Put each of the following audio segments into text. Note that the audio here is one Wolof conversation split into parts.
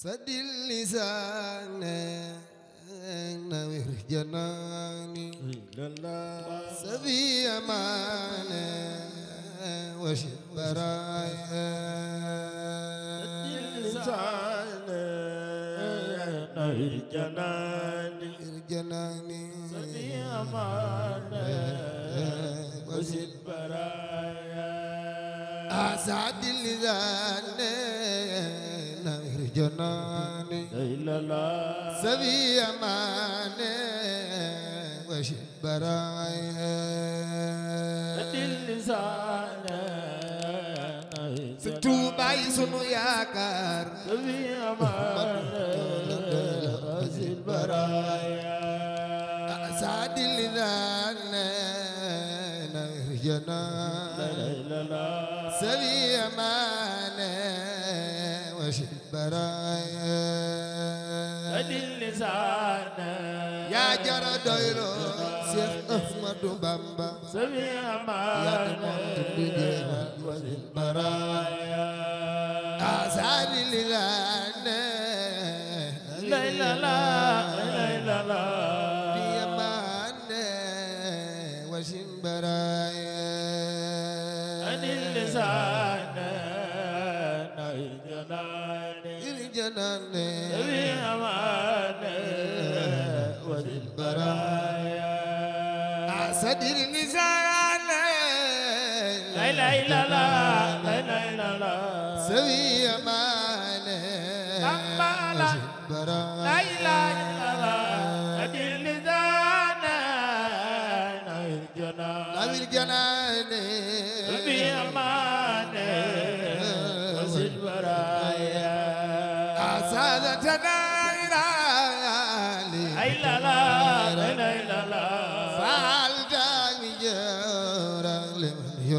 sadil lisaane nawir janaani safi amaane washi baraaye sadil lisaane nawir janaani janaani safi amaane washi baraaye ah, جناني سذي أماني وشبراي اللسان سكتو باي سنو ياكار سذي أماني وشبراي أسعد اللذان جناني برايا أدل لسانا يا جرى دايرو شيخ أحمد بامبا سميع معنا يا برايا أزال لنا ليلى لا janaane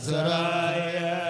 Saraaya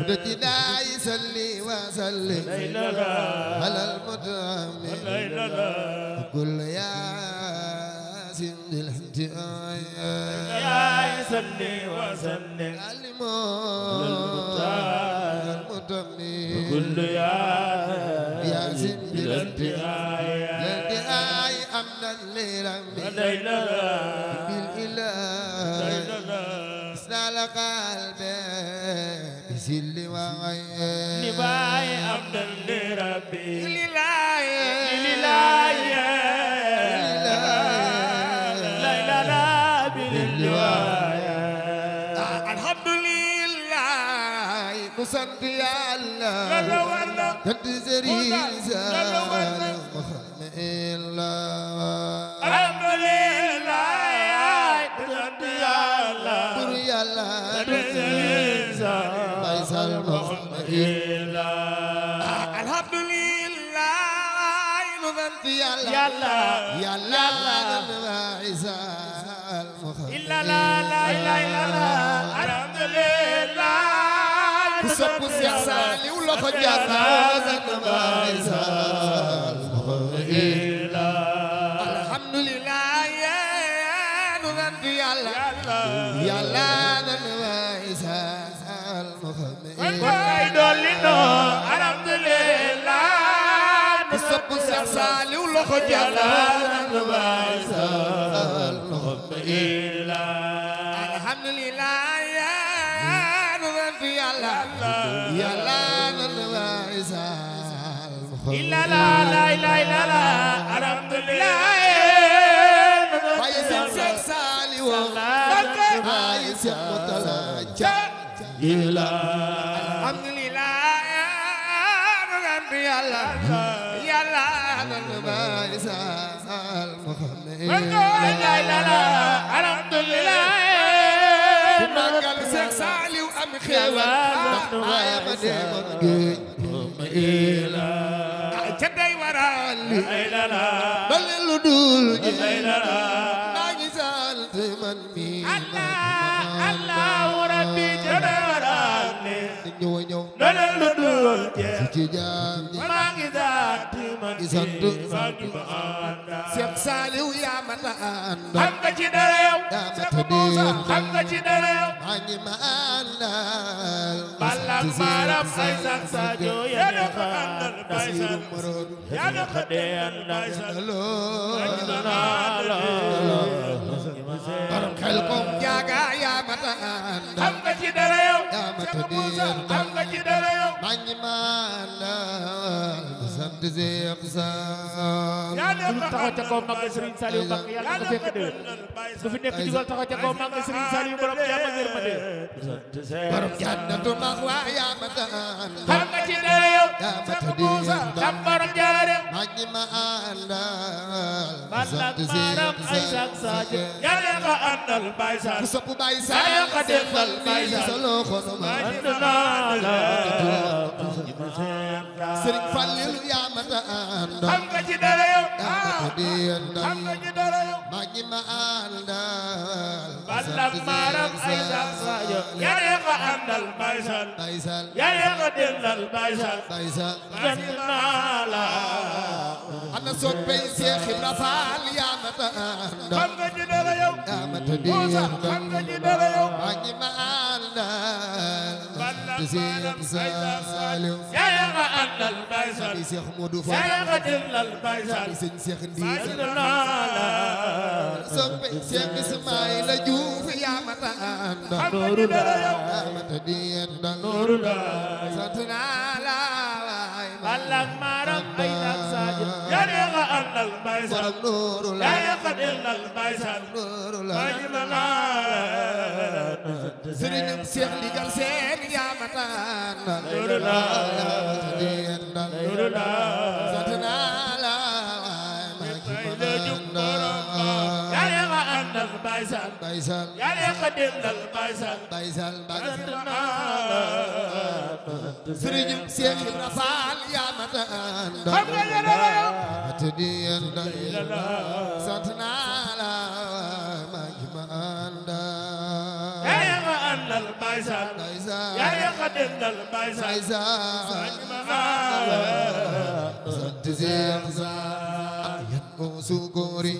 ودتدا يصلي وسلم على المتعمد كل ياسين للانتهاء يا يصلي وسلم على المتعمد كل ياسين للانتهاء للانتهاء أمنا ليلا بالإله سلك قلبي سل وعي نباي عبد لربي لله لله لا لا لا بالجوايا الحمد لله نسنت يا الله تدزري محمد الله الحمد لله تدزري الله تدزري الله إله الحمد لله نبنت يلا يلا يلا لا إلا لا لا إلا لا الحمد لله كسب سياسة ولا خجانا ما يزال الحمد لله يا نبنت يلا يلا diw loxo jàllal bay sal loxo ila alhamdulillah ya nu sant yàlla yàlla nan bay sal ila la la ila ila la alhamdulillah bay sin Seex Saaliw bay sin mutala ja ila alhamdulillah ya nu sant yàlla Allah Allah ñëw a ñëw na leen lu dul jeex ci jaam ñi maa ngi daal di man di sant ma ànda Seex Saaliw yaa ma la ànda xam nga ci dara yow yaa ma ta déer xam nga ci dara yow maa ngi ma àndal balak maaram ay sax saajo yaa da ko àndal bay san yaa da ko dee àndal yaa da loo borom xel ko jaaga yaa mat a àndal am nga ci dara yow yaa mat a ma àndal sant Seex Saal yaa dem ba taxaw ca kaw mag Serigne Saliou Mbacké yàlla na ko fekk déwén ku fi nekk jugal taxaw ca kaw mag Serigne Saliou ma dee borom jànnatu mag waa yaa mat a àndal am nga ci dara yow ma àndal sant maram ay sax saaje yàlla nga àndal bay sax sopp bay sax yàlla nga defal bay ma ta àndal am nga ci dara xam nga ñu dara yow ma ñi ma àndal ballam maaram ay sal sadio yalee ko àndal bay sal bay sal yalee ko dendal bay sal bay sal la ana soppey Cheikh Ibra Fall yaa ma ta àndal xam nga ñu dara yow yaa ma ta di xam nga ñu dara yow ma ñi ma سيد سالو سيغ أن البيسل سيغ مدو فا سيغ جل البيسل سيغ سيغ ندي سيغ سيغ إسماعيل جوف يا متى أنت نور لا متى دي أنت نور لا ساتنا لا والله ما ربينا يا ريغا أن الميسر نور لا يقد إلا الميسر نور لا يملا سرين سيخ لقل سين يا متان نور لا نور لا Baye Sall Baye Sall yàlla yàq dendal Baye Sall Baye Sall Baye Sall Serigne Cheikh Ibra Fall yaa ma daan xam nga yàlla la yow atudi yàlla sant naa la maa ngi ma àndal yàlla yàq àndal Baye Sall Baye Sall yàlla yàq dendal Baye Sall Baye Sall maa ngi ma àndal sant Cheikh Sall yàlla ko suukori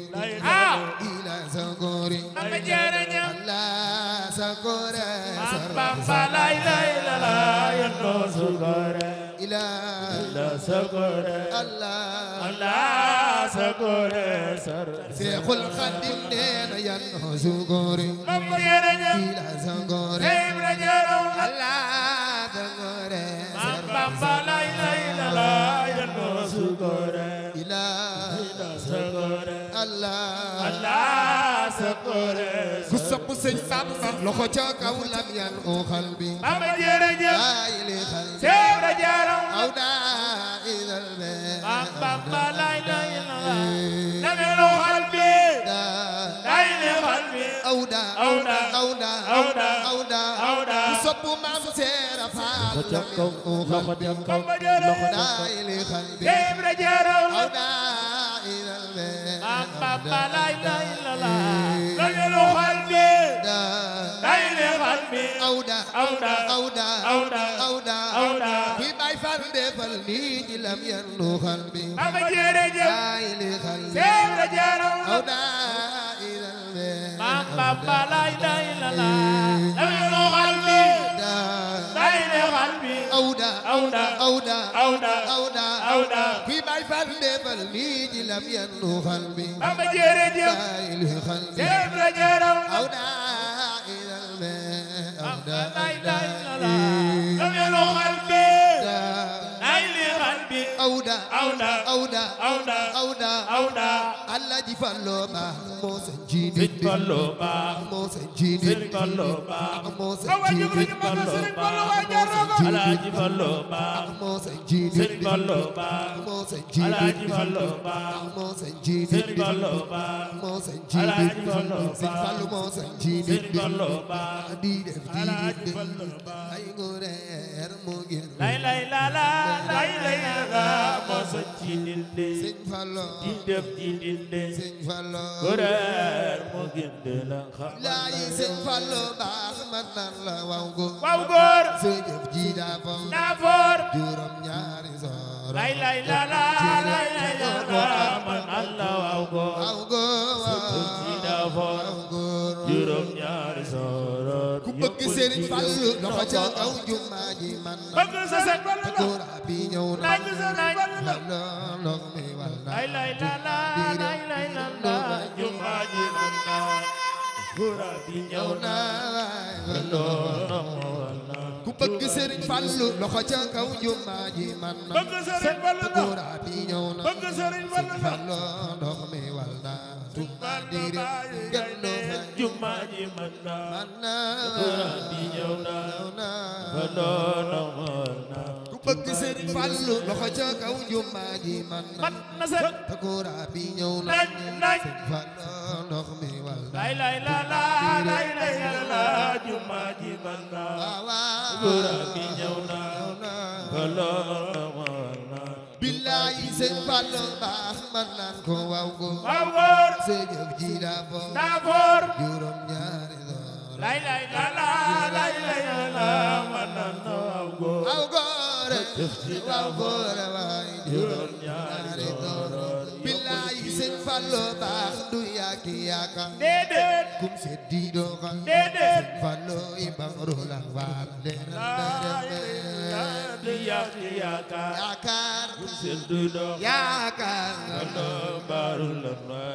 Seexul Xadiim nee na yan sukuri mamma yene ila sangore ibra jero Allah sangore bamba la ila ila la yan sukuri ila ila sangore Allah Allah sangore sëñ Bamba loxo ca kaw lam yan o xal bi Bamba jërëjëf ayli xal seera jaaram aw daa idal be Bamba lay lay la melo xal bi lay le xal bi aw daa aw daa aw daa aw daa aw daa aw daa soppu maam seera faal lam yan o xal bi Bamba jërëjëf loxo daa ayli xal bi seera jaaram aw daa idal be Bamba lay lay la la melo xal dayne xal bi awda awda awda awda awda awda kuy bay fal defal lii ci lam yandu xal bi ama jërëjëf dayne xal bi seeda jaram awda ilal be mam bamba lay dayna la lam yandu xal bi dayne xal bi awda awda awda awda awda awda kuy bay fal defal lii ci lam yandu xal bi ama jërëjëf dayne xal bi seeda jaram awda أودع أودع أودع أودع أودع Alaji Fallu baax moo sa njiit Sëriñ Fallu baax moo sa njiit Sëriñ Fallu baax moo sa njiit Sëriñ Fallu baax moo sa njiit Sëriñ Fallu baax moo sa njiit Alaji Fallu baax moo sa njiit Sëriñ Fallu baax moo sa njiit Alaji Fallu baax Sëriñ Fallu moo sa njiit Sëriñ Fallu baax di def di ay goreer moo gën lay lay la la lay lay la moo sa njiit Sëriñ Fallu di def di gindi Sëñ Fallu góor mu gindi la xam laayi Sëñ Fallu baax man nan la waw góor waw góor sa jëf ji daa foor daa foor juróom ñaari soor lay lay la la lay lay la la man nan la waw góor waw góor sa jëf ji daa foor bëgg Serigne Fallou loxo ca kaw jumaa ji man bëgg sa set te góora bi ñëw na lox mi wal na lay lay la la lay la la jumaa ji man na góora bi ñëw na lox mi wal na ku bëgg Serigne Fallou loxo ca kaw jumaa ji man na bëgg Serigne Fallou góora bi ñëw na bëgg Serigne Fallou lox mi wal na tuba diire gëndoo juma ji man na Alxuraan bi ñëw na fa doona woon na ku bëgg Sëriñ Fallu loxo ca kaw juma ji man na Alxuraan bi ñëw na Sëriñ Fallu ndox mi wal na lay lay la la lay lay la juma ji man na Alxuraan bi ñëw na fa doona billahi sëñ Fallu baax man naan ko waaw góor waaw góor sëñ ji daa foor daa foor juróom ñaari doon lay lay la la lay lay la man naan ko waaw góor waaw góor waaw góor waay juróom ñaari doon sëñ Fallu baax du yàgg yàgg déedéet kum sëñ di doo ko déedéet Fallu i bangru la waar leen yàgg yàgg yaakaar kum sëñ di doo yaakaar Fallu baaru la waar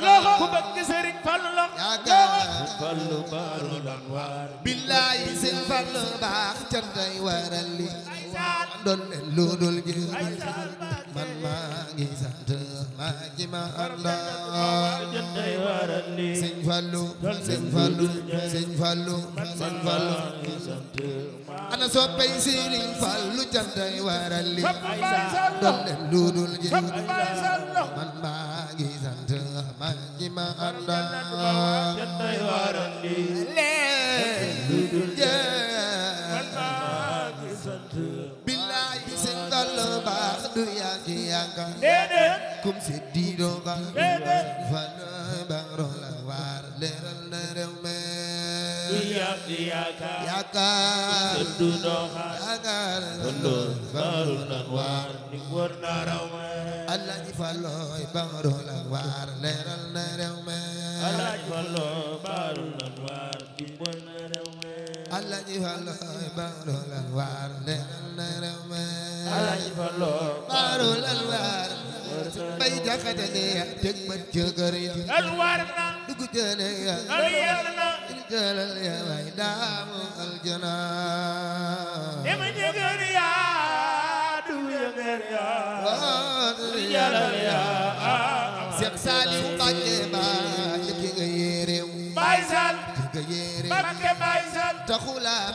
ku bëgg Serigne Fallou la Fallou barul anwar billahi Serigne Fallou baax cantay waral li doon leen lu dul gi man maa ngi sant maa ngi ma Allah cantay waral li Serigne Fallou Serigne Fallou Serigne Fallou Serigne Fallou ana soppay Serigne Fallou cantay waral li doon leen lu dul gi man maa ma kum si diidoo ba fanaan ba rola waar leeral na rew me yaakaar yaakaar yaakaar bamru nan waar ni wër naa raw ma alaaji falooy bamru nan waar leeral na rew ma alaaji falooy bamru nan waar ni wër naa rew ma alaaji falooy bamru nan waar leeral na rew ma alaaji falooy bamru nan waar bay jaxate ne ya teg ma jëgër ya alwaar na dugg jële ya alwaar na jëlal ya way daamu aljana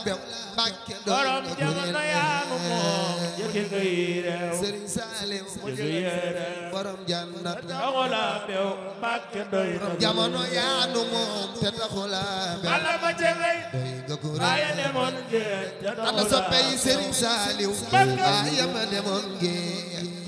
Mbakke borom jamono yaa nu moom yëkkil nga yirew Serigne Saliou mujj yére borom jannat taxula bew Mbàkke doy na jamono yaa nu moom te taxula bew ala ma ca ngay doy nga ko waaye demoon ngeen ana soppe yi Serigne Saliou waaye ma demoon ngeen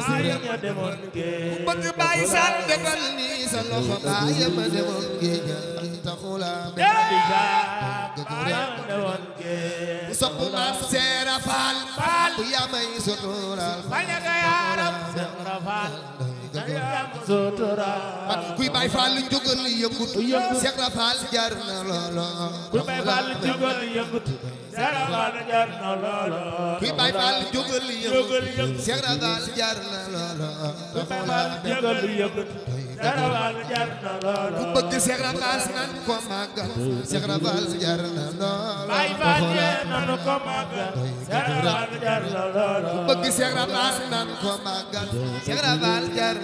sëriña demoon géej ku bëgg bàyyi faal kuy bay faal jógal yëngut Seex Rafaal jaar na loolo kuy bay faal jógal yëngut Seex Rafaal jaar na loolo kuy bay faal jógal yëngut Seex Rafaal jaar na loolo kuy bay faal jógal yëngut Seex Rafaal jaar na loolo ku bëgg Seex Rafaal nan ko màggal Seex Rafaal jaar na loolo bay faal nan ko màggal Seex Rafaal jaar na loolo ku bëgg Seex Rafaal nan ko màggal Seex Rafaal jaar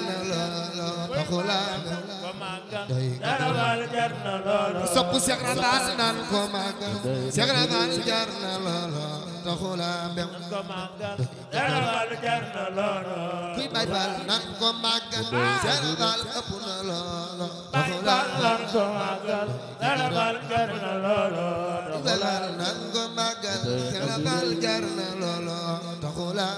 soppu Cheikh Rafal naan ko màggal Cheikh Rafal jar na loolo taxula mbem ko màggal Cheikh Rafal jar na loolo kuy bay bal naan ko màggal Cheikh Rafal ëpp na loolo taxula naan ko màggal Cheikh Rafal jar na loolo taxula naan ko màggal Cheikh Rafal jar na loolo taxula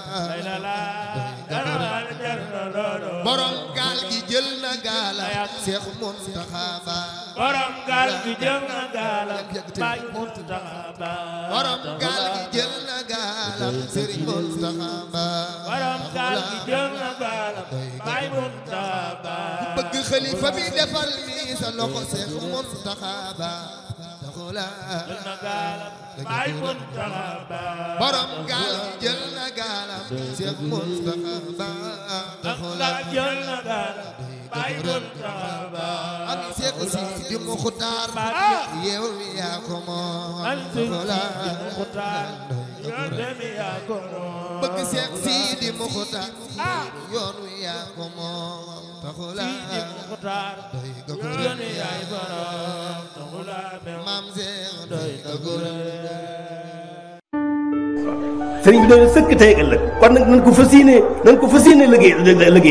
borom gaal gi jël na gaalam Seex Muntaxa Ba borom gaal gi jël na gaalam Baay Muntaxa Ba borom gaal gi jël na gaalam Sëriñ Muntaxa Ba borom gaal gi jël na gaalam Baay Muntaxa Ba bëgg xalifa bi defal ni sa loxo Seex Muntaxa Ba daxula jël na gaalam Baay Muntaxa Ba borom gaal gi jël na gaalam Seex Mustafa ba la jël na daal bay Mustafa ba ak Seex Sidi Muxtaar yow yaa ko moom ak Sidi Muxtaar yow dem yaa ko moom ah! yoon wi yaa ko moom yoon yaay borom taxula sëriñ bi doon sëkk tey ak ëllëg kon nag nañ ko fas yéene nañ ko fas yéene liggéey liggéey